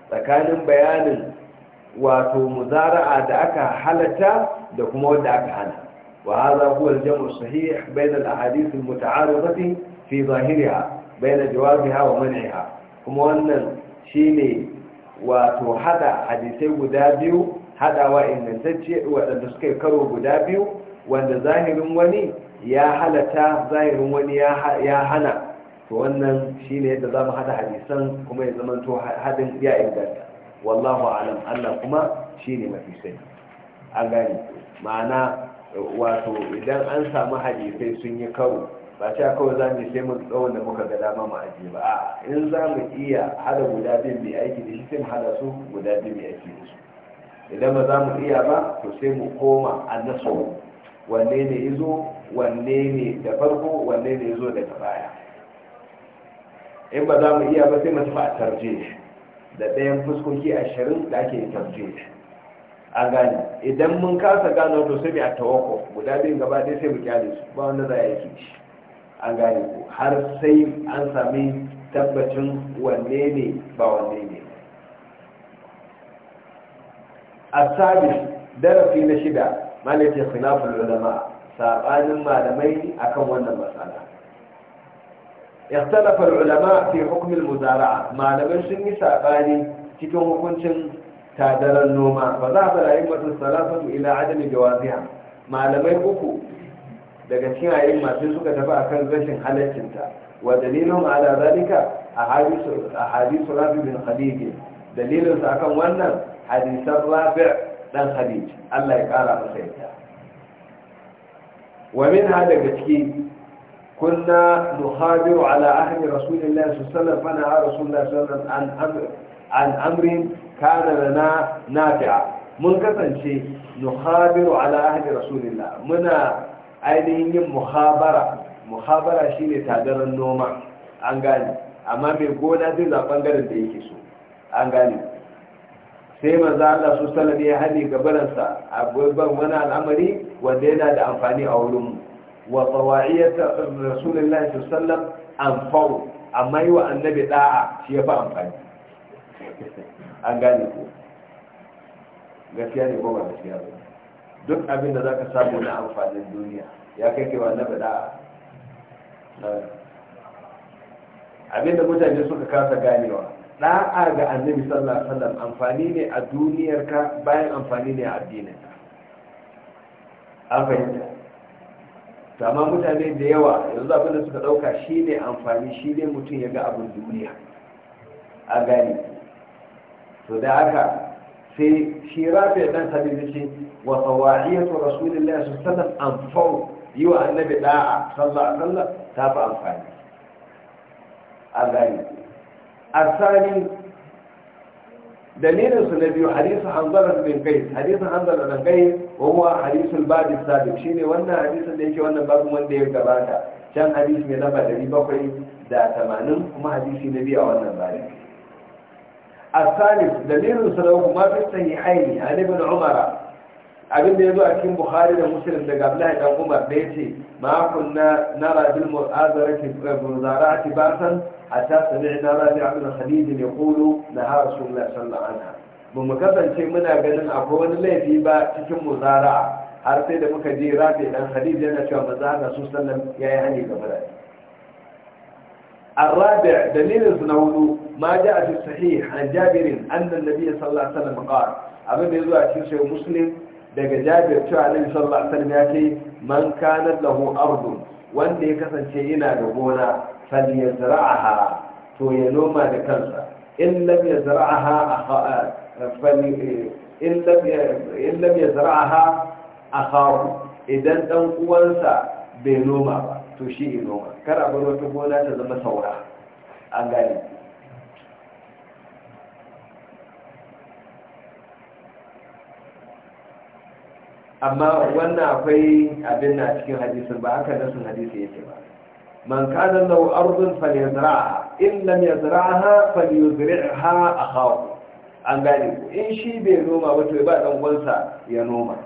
tsakanin bayanin wato muzara'a da aka halatta da kuma wadda aka hana wa hadha huwa al-jam'u sahih bayna al-ahadith al-muta'aridati fi zahiriha bayna wa man'iha kuma wannan shine wato hada hadisai guda biyu hadawa ingantacce wadanda suka karo guda biyu wanda zahirin wani ya halata zahirin wani ya hana to wannan shine yadda za mu hada hadisan kuma ya zama to hadin ya inganta wallahu alam Allah kuma ne mafi sai an gani ma'ana wato idan an samu hadisai sun yi karo ba ta kawai za mu sai mu tsawon da muka ga dama mu aje ba a in za mu iya hada guda biyu mai aiki da shi sai mu hada su guda biyu mai aiki da su idan ba za mu iya ba to sai mu koma annasu wanne ne izo wanne ne da farko wanne ne zo daga baya in ba za mu iya ba sai mu tafi a tarje da ɗayan fuskoki ashirin da ake tarje a gani idan mun kasa gano to sai mai a tawako guda biyun gaba ɗaya sai mu kyale su ba wanda za a yi shi A gani har sai an sami tabbacin wanne ne ba wanne ne a sabi darasi na shida malaka khilafin ulama saɓanin malamai akan wannan matsala اختلف ulama fi حكم muzara'a Malamai sun yi ساباني cikin hukuncin tadaran noma ba za a fara yin salafatu ila adami jawaziha malamai uku daga cikin ayin masu suka tafi akan rashin halaccinta wa dalilun ala zalika a hadisu rabi bin khadiji Dalilinsa akan wannan hadisan rabi dan khadiji Allah ya kara masa yadda ومن هذا كتكي كنا نخابر على أهل رسول الله صلى الله عليه وسلم فنهى رسول الله صلى الله عليه وسلم عن أمر كان لنا نافع من شيء نخابر على أهل رسول الله منا ainihin مخابرة مخابرة شيء tadaran النوم عن قال أمامي mai gona zai zaɓen garin da yake sai manzo Allah su sallallahu ya hadi gabaransa a gaban wani al'amari wanda yana da amfani a wurin mu wa tawa'iyat rasulullahi sallallahu anfa'u amma yi wa annabi da'a shi yafi amfani an gane ko gaskiya ne ko ba gaskiya ba duk abin da zaka samu na amfanin duniya ya kai kai wa annabi da'a abin da mutane suka kasa ganewa da'a ga annabi sallallahu alaihi wasallam amfani ne a duniyarka bayan amfani ne a addininka an fahimta amma mutane da yawa yanzu abin da suka dauka shine amfani shine mutum ya ga abin duniya a gani to da haka sai shi rafi dan sabi ce wa sawahiyatu rasulillahi sallallahu alaihi wasallam amfau yi wa annabi da'a sallallahu alaihi wasallam ta fa amfani a gani asali dalilinsu na biyu hadisun hanzarar ɗinkai hadisun hanzarar ɗinkai wawa hadisun babu sabi shi ne wannan hadisun da yake wannan babu wanda ya gabata can hadisun mai lamba dari bakwai da tamanin kuma hadisi na biya wannan bari asali dalilinsu na kuma fi sanyi haini a libin umara abin da ya zo a cikin buhari da musulun daga abdullahi dan umar da ya ce makon na nara bilmur azara ke zara ake basan حتى سمعنا رابع بن خليل يقول نهى رسول الله صلى الله عليه وسلم mu kasance muna ganin akwai wani laifi ba cikin mu har sai da muka je rafi dan hadith yana cewa ba za ka su sallan yayi hani ga fara arabi dalilin sun hudu ma ja a cikin sahih an jabirin annan nabi sallallahu alaihi wasallam qala abin da yazo a cikin sahih daga jabir cewa annabi sallallahu alaihi wasallam ya ce man kana lahu ardun wanda ya kasance yana da gona falya zara'aha to ya noma da kansa in lam eh, ya zara'aha in idan dan uwansa bai noma ba to shi ya noma kar a bar wata gona ta zama saura an gane amma wannan akwai abin na cikin hadisin ba aka nasin hadisi yake ba man kana lahu ardun falyazra'a in lam yazra'aha falyuzri'ha akhahu an gane ku in shi bai noma ba to ba dan uwansa ya noma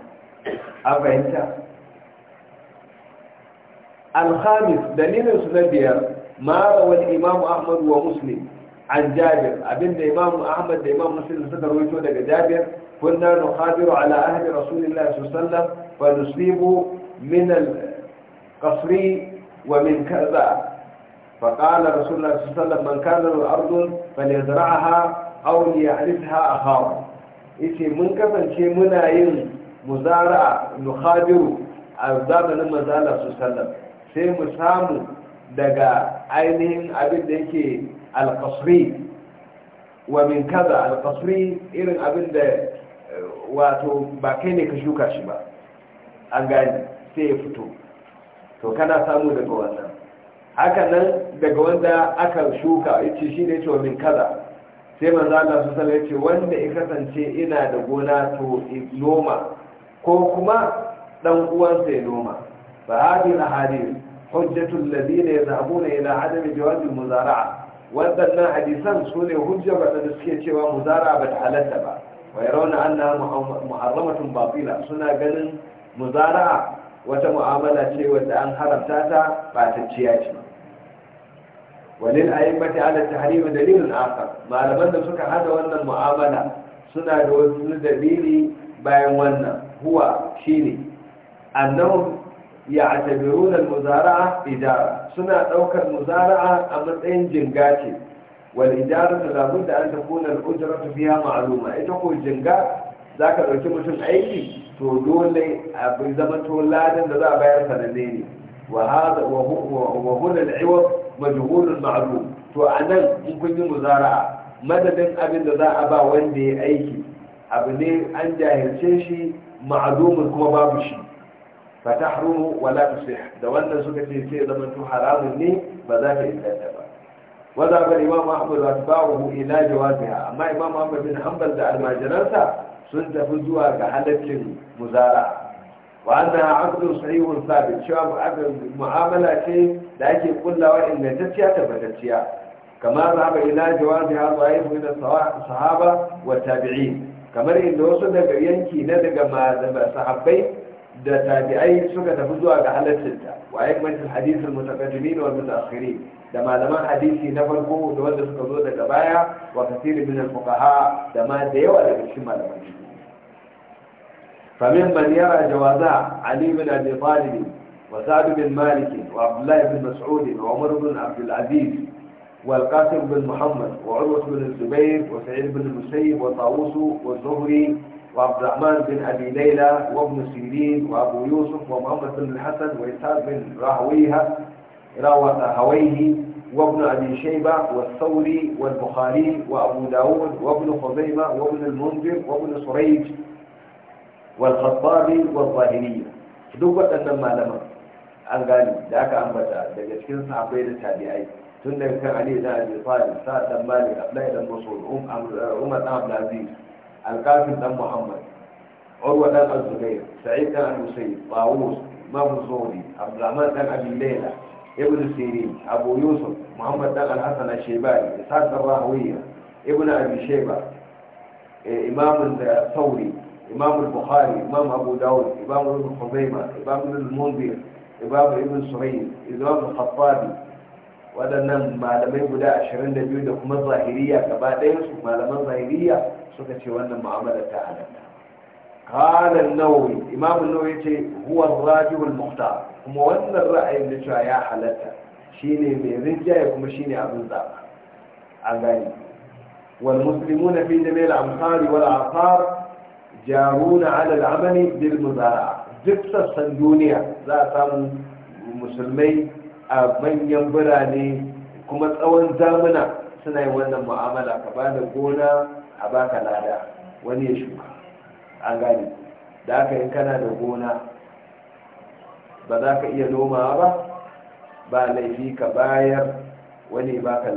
an fahimta alhamis dalilin su na biyar ma rawal imam ahmad wa muslim an jabir abinda imamu ahmad da imamu muslim suka rawaito daga jabir kunna nuhadiru ala ahli rasulillahi sallallahu alaihi wasallam fa nusibu min al-qasri wa min kaza فقال رسول الله صلى الله عليه وسلم من كان له أرض فليزرعها أو ليعرفها أخاه yace mun kasance muna yin muzara'a nukhadiru a zamanin manzala su sallam sai mu samu daga ainihin abin da yake al wa min kaza al irin abin da wato ba kai ne ka shuka shi ba an gani sai ya fito to kana samu daga wannan haka nan daga wanda aka shuka yace shi ne cewa min kaza sai manzo Allah su sallallahu ce wanda ya kasance ina da gona to noma ko kuma dan uwansa ya noma fa hadhihi al-hadith hujjatul ladina yadhhabuna ila adami jawaz al-muzara'a waɗannan hadisan su ne hujjar da suke cewa muzara ba ta halatta ba wai rauna an na muharramatun babila suna ganin muzara wata mu'amala ce wadda an haramta ta ɓatacciya ce walil ayyubbati ala tahrimi dalilin akhar malaman da suka hada wannan mu'amala suna da wasu dalili bayan wannan huwa shine annahum ya atabiru muzara'a idara suna ɗaukar muzara'a a matsayin jinga ce wal idara ta labun da an ta kuna al'ujira ta biya ma'aluma ita ko jinga za ka ɗauki mutum aiki to dole abu zama to ladan da za a bayar sananne ne wa hada wa hula al'iwa majhulun ma'lum to anan in kun yi muzara'a madadin abin da za a ba wanda ya aiki abu ne an jahilce shi ma'lumun kuma babu shi fatahrumu wala tusih da wannan suka ce sai zama to haramun ne ba za ta inganta ba wanda ga imam ahmad wa tabahu ila jawaziha amma imam ahmad bin hanbal da almajiransa sun tafi zuwa ga halaccin muzara wa annaha aqdun sahihun sabit cewa mu'amala ce da ake kullawa ingantacciya tabbatacciya Kamar zaba ila jawaziha sahih min sahaba wa tabi'in kamar inda wasu daga yanki na daga sahabbai da tabi'ai suka tafi zuwa ga halaccinta wa yakmantul hadithul mutaqaddimin wal mutaakhirin da malaman hadisi na farko da wanda suka zo daga baya wa kasiri min al fuqaha da ma da yawa daga cikin malaman famin man yara jawaza ali bin abi talib wa sa'd bin malik wa abdullah bin mas'ud wa umar bin abdul aziz والقاسم bin Zubair wa بن bin وسعيد wa المسيب وطاووس والزهري وعبد الرحمن بن أبي ليلى وابن سيرين وأبو يوسف ومحمد بن الحسن وإسحاق بن راهويها راوة هويه وابن أبي شيبة والثوري والبخاري وأبو داود وابن خزيمة وابن المنذر وابن سريج والخطابي والظاهرية دوبة أن المعلمة الغالي ذاك أن أنبتا لجسكين صحابي التابعين تندم كان علي بن أبي طالب سعد بن مالك أبلاء بن مسعود عمر بن عبد العزيز القاسم بن محمد عروة بن الزبير سعيد بن المسيب طاووس إمام الزهري عبد الرحمن بن أبي الليلة ابن السيرين أبو يوسف محمد بن الحسن الشيباني إسحاق الراهوية ابن أبي شيبة إمام الثوري إمام البخاري إمام أبو داود إمام ابن خزيمة إمام ابن المنذر إمام ابن سعيد إمام الخطابي waɗannan malamai guda 22 da kuma zahiriya gaba ɗayansu malaman zahiriya suka ce wannan mu'amalar ta halatta kalan nawawi imamun nawawi ce huwa rajihul mukta. kuma wannan ra'ayin da cewa ya halatta shine mai rinjaye kuma shine abin zaɓa an gani wal muslimuna fi jami'il amsari wal asar jaruna ala al'amali bil muzara'a duk sassan duniya za a samu musulmai a manyan birane kuma tsawon zamuna suna yin wannan mu'amala ka ba da gona a baka lada wani ya shuka an gane da aka yi kana da gona ba za ka iya nomawa ba ba laifi ka bayar wani baka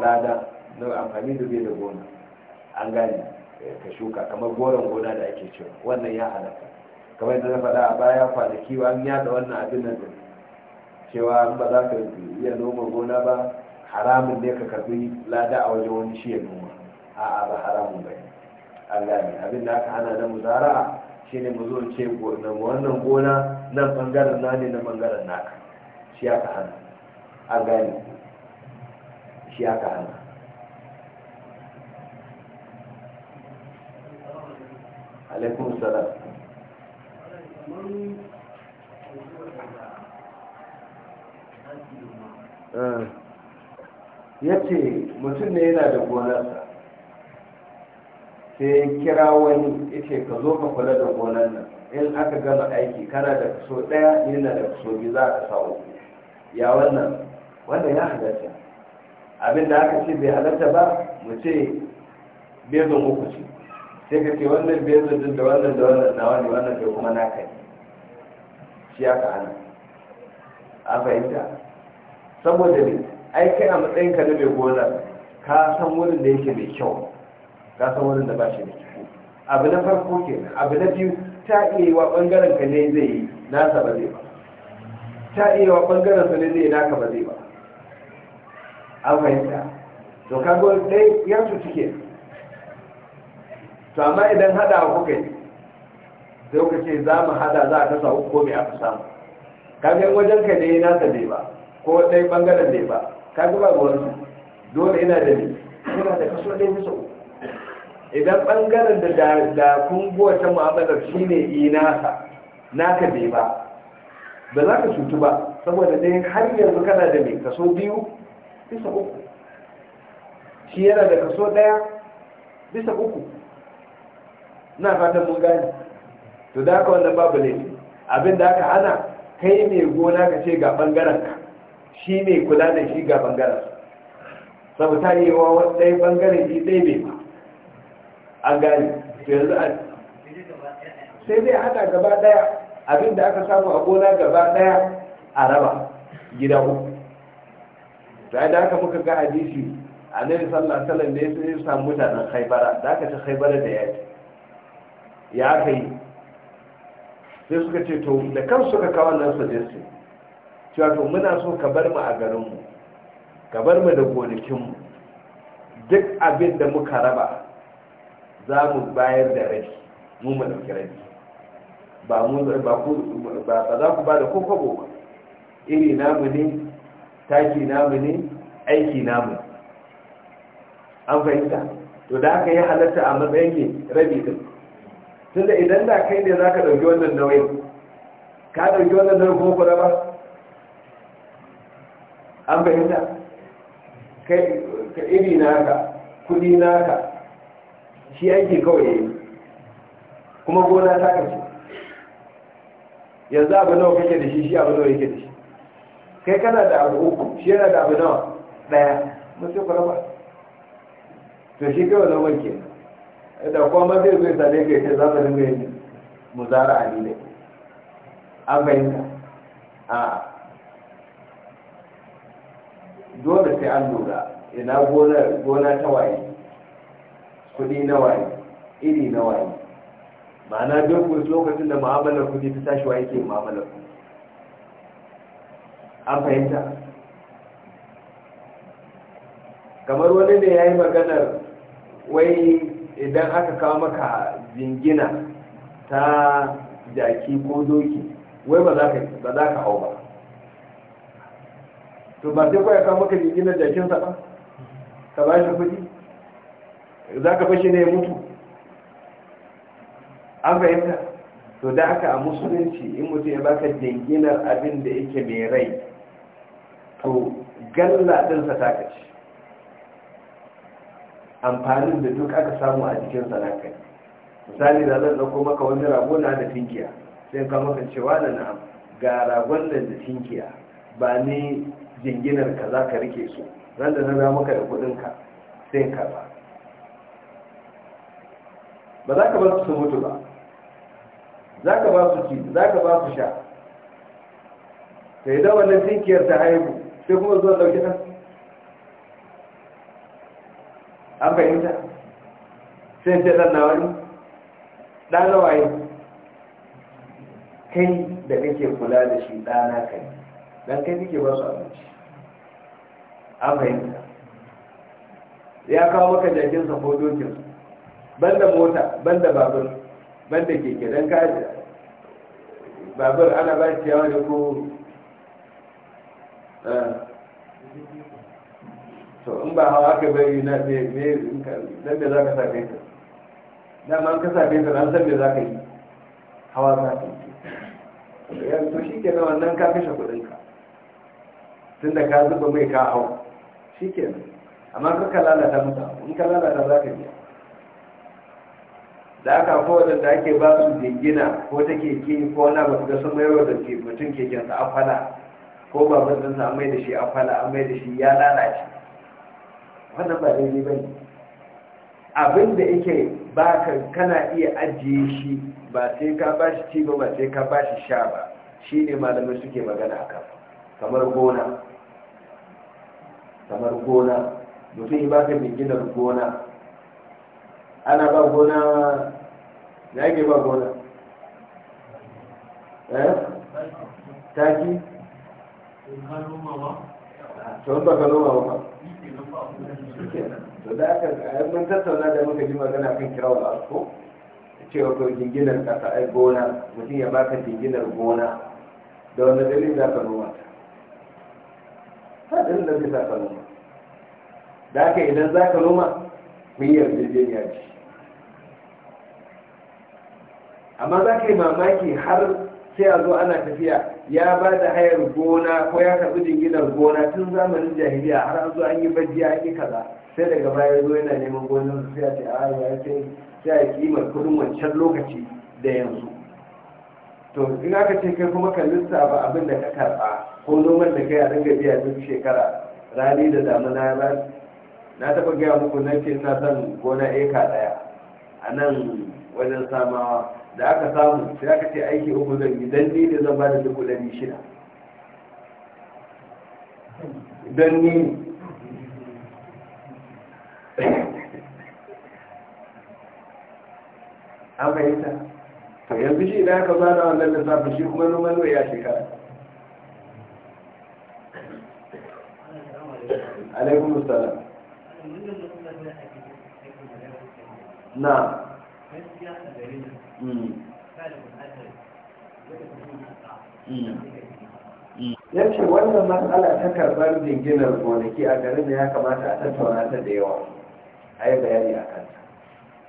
lada na amfani da bai da gona an gane ka shuka kamar goron gona da ake cewa wannan ya halatta kamar yadda na faɗa a baya kwanaki an yada wannan abin nan da cewa in ba za ka iya noma gona ba haramun ne ka karbi lada a wajen wani shi ya noma a'a ba haramun ba Allah ne abin da aka hana na shi ne mu zo ce wannan gona nan bangaren na ne na bangaren naka shi aka hana an gane shi aka hana alaikum salam Eh. ya ce mutum ne yana da gonarsa sai kira wani ya ce ka zo ka kula da gonar nan in aka gama aiki kana da kaso ɗaya yana da kaso biyu za ka sa uku ya wannan wannan ya halatta abin da aka ce bai halatta ba mu ce bezon uku ce sai ka ce wannan bezon din da wannan da wannan nawa ne wannan da kuma naka ne shi aka hana a fahimta saboda ne ai kai a matsayin ka na mai gona ka san wurin da yake mai kyau ka san wurin da ba shi da kyau abu na farko ke, abu na biyu ta iya yi wa bangaren ka ne zai yi nasa ba zai ba ta iya yi wa bangaren sa ne zai yi naka ba zai ba an fahimta to ka ga dai ya su cike to amma idan hada kuka yi sai kuka ce za mu hada za a kasa uku ko me aka samu kaga wajen ka ne nasa ne ba ko ɗai ɓangaren ne ba ka gaba ga wasu dole yana da ne yana da kaso ɗai bisa uku idan ɓangaren da da kunguwa ta mu'amalar shi ne inasa naka ne ba ba za ka cutu ba saboda dai har yanzu kana da ne kaso biyu bisa uku shi yana da kaso ɗaya bisa uku na fatan mun gani to da aka wannan babu ne abin da aka ana kai mai gona ka ce ga ɓangaren shi mai kula da shi ga bangaren Sabu ta yi wa wadai bangaren shi dai mai ma an gani yanzu a sai zai hada gaba ɗaya abinda aka samu a gona gaba ɗaya a raba gida uku ta da aka muka ga hadisi a nan alaihi wasallam ne sai samu mutanen haibara da aka ci haibara da yaki ya aka yi sai suka ce to da kan suka kawo nan suggestion cewa to muna so ka bar mu a garinmu ka bar mu da gonakinmu duk abin da muka raba za mu bayar da rai mu mu ɗauki rai ba za ku ba da kokobo ba iri namu ne taki namu ne aiki namu an fahimta to da haka ya halatta a matsayin ne rabi din tunda idan da kai ne za ka ɗauki wannan nauyin ka ɗauki wannan nauyin ko ku raba an fahimta ka iri naka kudi naka shi aiki kawai yayi kuma gona ta kace yanzu abu nawa kake da shi shi abu nawa yake da shi kai kana da abu uku shi yana da abu nawa daya mun sai kurama to shi kawai na wanke da kuma zai zai sale kai sai za ka dinga yin muzara a ni an bayyana a dole sai an lura ina gona ta waye kudi na waye iri na waye ma'ana duk lokacin da ma'amalar kudi ta tashi waye ke ma'amalar kudi an fahimta kamar wani da ya yi maganar wai idan aka kawo maka jingina ta jaki ko doki wai ba za ka hau ba to ba sai kawai ka maka jiki na jakinsa ba ka ba shi kuɗi za ka fashe ne ya mutu an fahimta to da haka a musulunci in mutum ya baka jinginar abin da yake mai rai to galla ɗinsa ta kaci amfanin da duk aka samu a jikinsa na kai misali da zan ɗauko maka wani rago na da tinkiya sai ka maka cewa na ga ragon da tinkiya ba ni jinginar ka za ka rike su ran da na maka da kudinka sai ka ba ba za ka ba su mutu ba za ka ba su ci za ka ba su sha sai da wannan tinkiyar ta haihu sai kuma zuwa dauki ta an fahimta sai sai ɗan na wani na waye kai da kake kula da shi ɗana kai dan kai kake ba su abinci an fahimta ya kawo maka jakinsa ko dokin banda mota banda babur banda keke don ka babur ana ba shi yawa da ko eh. to in ba hawa aka bari na me dan da za ka sa kai ka dama an ka sake ka an san me za ka yi hawa za ka yi to shi ke na wannan ka kashe kudinka tun da ka zuba mai ka hau shi ke amma ka ka lalata mutu in ka lalata za ka biya da aka Kowa da ake ba su jingina ko ta keke ko wani abu ga sun mayarwa da ke mutum kekensa an fada ko ba mutunsa an mai da shi an fada an mai da shi ya lalace wannan ba daidai ba ne abin da yake ka kana iya ajiye shi ba sai ka ba shi ci ba ba sai ka ba shi sha ba shi ne malamai suke magana a kan kamar gona kamar gona mutum ya baka binginar gona ana ba gona na yake ba gona eh taki tun ba ka noma ba to da aka mun tattauna da muka ji magana kan kirawar ko cewa ko jinginar kasa ai gona mutum ya baka jinginar gona da wani dalilin za ka noma ta ta dalilin da ka noma da haka idan za ka noma kun yi yarjejeniya ce amma za ka yi mamaki har sai a zo ana tafiya ya ba da hayar gona ko ya karɓi jinginar gona tun zamanin jahiliya har an zo an yi bajji an yi kaza sai daga baya zo yana neman gonar sai a ce a ya ce sai a kimar kudin wancan lokaci da yanzu to in aka ce kai kuma ka lissafa abin da ka karɓa ko noman da kai a dinga biya duk shekara rani da damuna na taɓa gaya muku na ce na san gona eka ɗaya a nan wajen samawa da aka samu sai aka ce aiki uku zan yi don ni ne zan ba da duk ɗari shida dan ni an fahimta to yanzu shi idan aka zana wannan lissafin shi kuma noman ya shekara alaikum salam na mm. Mm. Mm. ya ce wannan matsala ta karɓar jinginar gonaki a garin da ya kamata a tattauna ta da yawa a yi bayani a kanta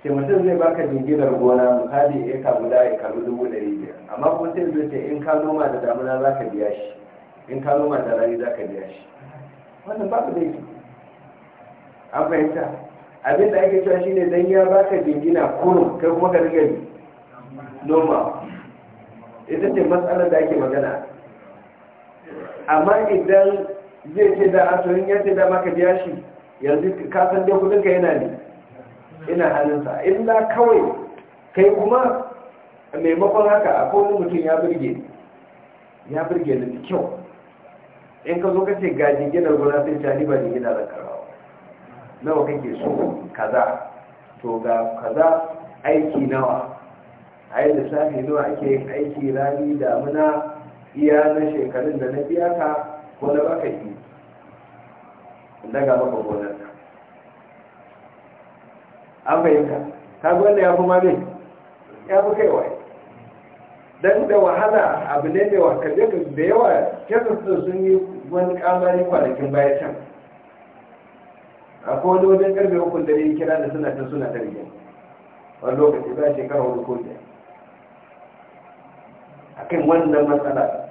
ke mutum zai baka jinginar gona misali ya kamu da ya kamu dubu ɗari biyar amma kuma sai zai ce in ka noma da damuna za ka biya shi in ka noma da rani za ka biya shi wannan ba ku da an fahimta abin da ake cewa shine dan ya baka jingina kurum kai kuma ka riga noma ita ce matsalar da ake magana amma idan zai ce da asirin ya ce da maka biya shi yanzu ka san dai kudin ka yana ne ina halinsa illa kawai kai kuma maimakon haka a kowane mutum ya birge ya birge da kyau in ka zo ka ce ga jingina gona sai cani ba jinginar da karawa nawa kake so kaza to ga kaza aiki nawa a yi lissafi nawa ake yin aiki rani damuna iya na shekarun da na biya ka ko na baka yi daga maka gonar ka an fahimta ka gwanda ya kuma min ya fi kaiwa don da wahala abu ne mai wakaje da yawa kyanar sun yi wani kamarin kwanakin bayan can akwai wani wajen karfe hukun da ya kira da suna can suna tarbiyya wani lokaci za a shekara hudu ko biyar a kan wannan matsala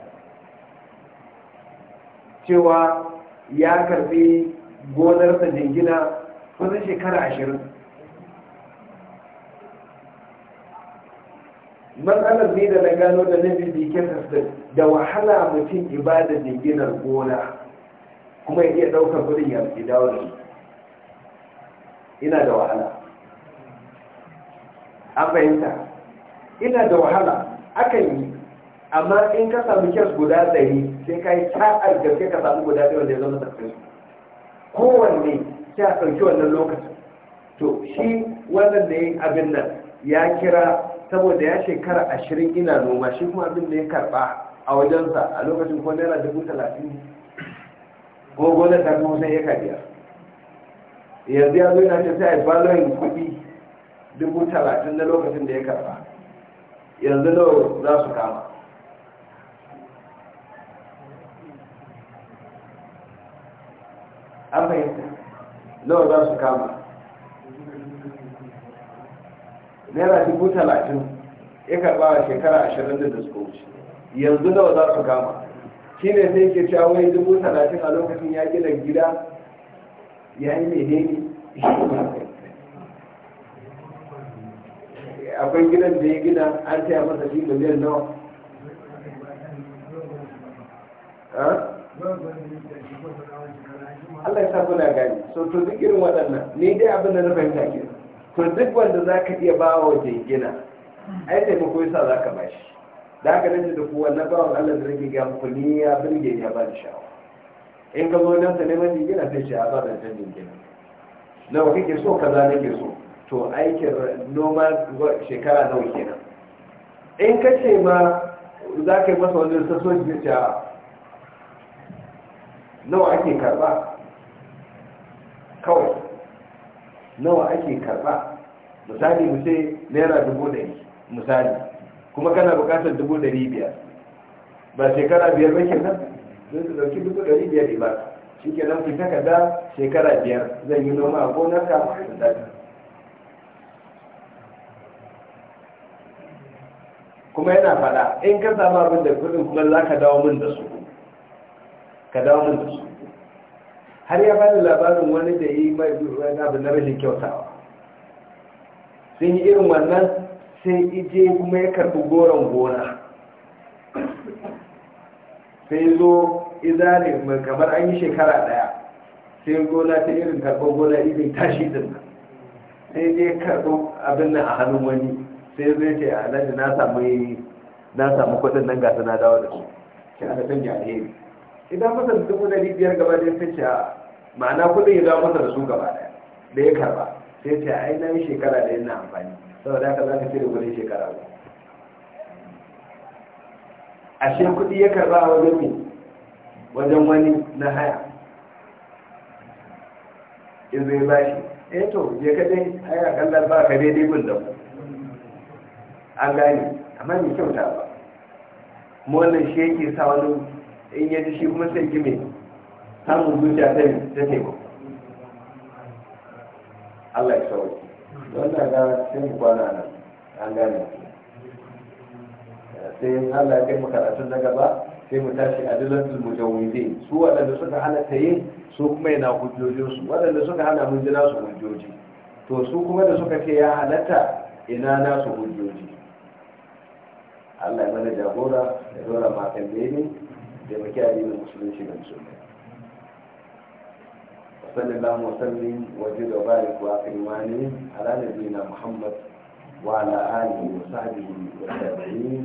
cewa ya karfi gonarsa jingina kusan shekara ashirin matsalar ne da na gano da na bibikin da wahala mutum ibadar jinginar gona kuma ya iya ɗaukar gudun ya dawo da shi ina da wahala an fahimta ina da wahala akan yi amma in ka samu kes guda ɗari sai ka yi ta'ar sai ka samu guda ɗari wanda ya zama tafiya kowanne sai a ɗauki wannan lokacin to shi wannan da yin abin nan ya kira saboda ya shekara ashirin ina noma shi kuma abin da ya karɓa a wajensa a lokacin ko naira dubu talatin ko gonar ta kuma sai ya kariya yanzu ya zo yana ce sai ba balon kuɗi dubu talatin na lokacin da ya karba yanzu nawa za su kama amma nawa za su kama naira dubu talatin ya karba a shekara ashirin da suka yanzu nawa za su kama shi ne sai ke cewa wai dubu talatin a lokacin ya gina gida ya yi menene shi ma akwai gidan da ya gina an taya masa shi miliyan nawa Allah ya sa kuna gani so to duk irin waɗannan ni dai abin da na fahimta ke to duk wanda za ka iya ba wa jingina ai taimako ya sa za ka bashi da aka nace da ku wannan bawan Allah da nake ga ku ni ya birge ni ya ba ni sha'awa in ka zo nan sa neman jingina sai ce a ba da can jingina nawa kake so kaza nake so to aikin noma shekara nawa kenan in ka ce ma za ka yi masa wani sassoji zai ce a nawa ake karba kawai nawa ake karba misali mu ce naira dubu ɗari misali kuma kana bukatar dubu ɗari biyar ba shekara biyar ba kenan sai su duk dubu ɗari biyar ba shi ke nan fita kaza shekara biyar zan yi noma a gonar ka da kuma yana faɗa in ka samu abin da kuɗin kuma za ka dawo min da su ka dawo min da su har ya bani labarin wani da yi mai abin na rashin kyautawa sun yi irin wannan sai ije kuma ya karɓi goron gona sai zo iza ne kamar an yi shekara daya sai gona ta irin karɓar gona irin tashi din nan sai dai karɓo abin nan a hannun wani sai zai ce a alhaji na samu na samu kuɗin nan gasa na dawo da su shi ana son ya alheri idan masa da dubu ɗari biyar gaba ɗaya sai ce ma'ana kuɗin ya dawo masa da su gaba ɗaya da ya karɓa sai ce ai na yi shekara ɗaya na amfani saboda haka za ka cire kuɗin shekara ba. ashe kuɗi ya karɓa a wajen mai wajen wani na haya in zai ba shi eh to je ka dai haya kallon ba ka dai bin da an gane amma mai kyauta ba mu wannan shi yake sa wani in ya ji shi kuma sai gime samun zuciya ta ta taimako Allah ya sauki wannan ga sai mu kwana nan an gane sai yin Allah ya kai mu na gaba sai mu tashi a adilatul mujawwidin su waɗanda suka hana ta yin su kuma yana hujjojin su waɗanda suka hana mun jira su hujjoji to su kuma da suka ce ya halatta ina nasu hujjoji Allah ya mana jagora ya zora makan bene da muke addinin musulunci da musulmai صلى الله وسلم وجد وبارك واكرماني على نبينا محمد وعلى آله وصحبه والتابعين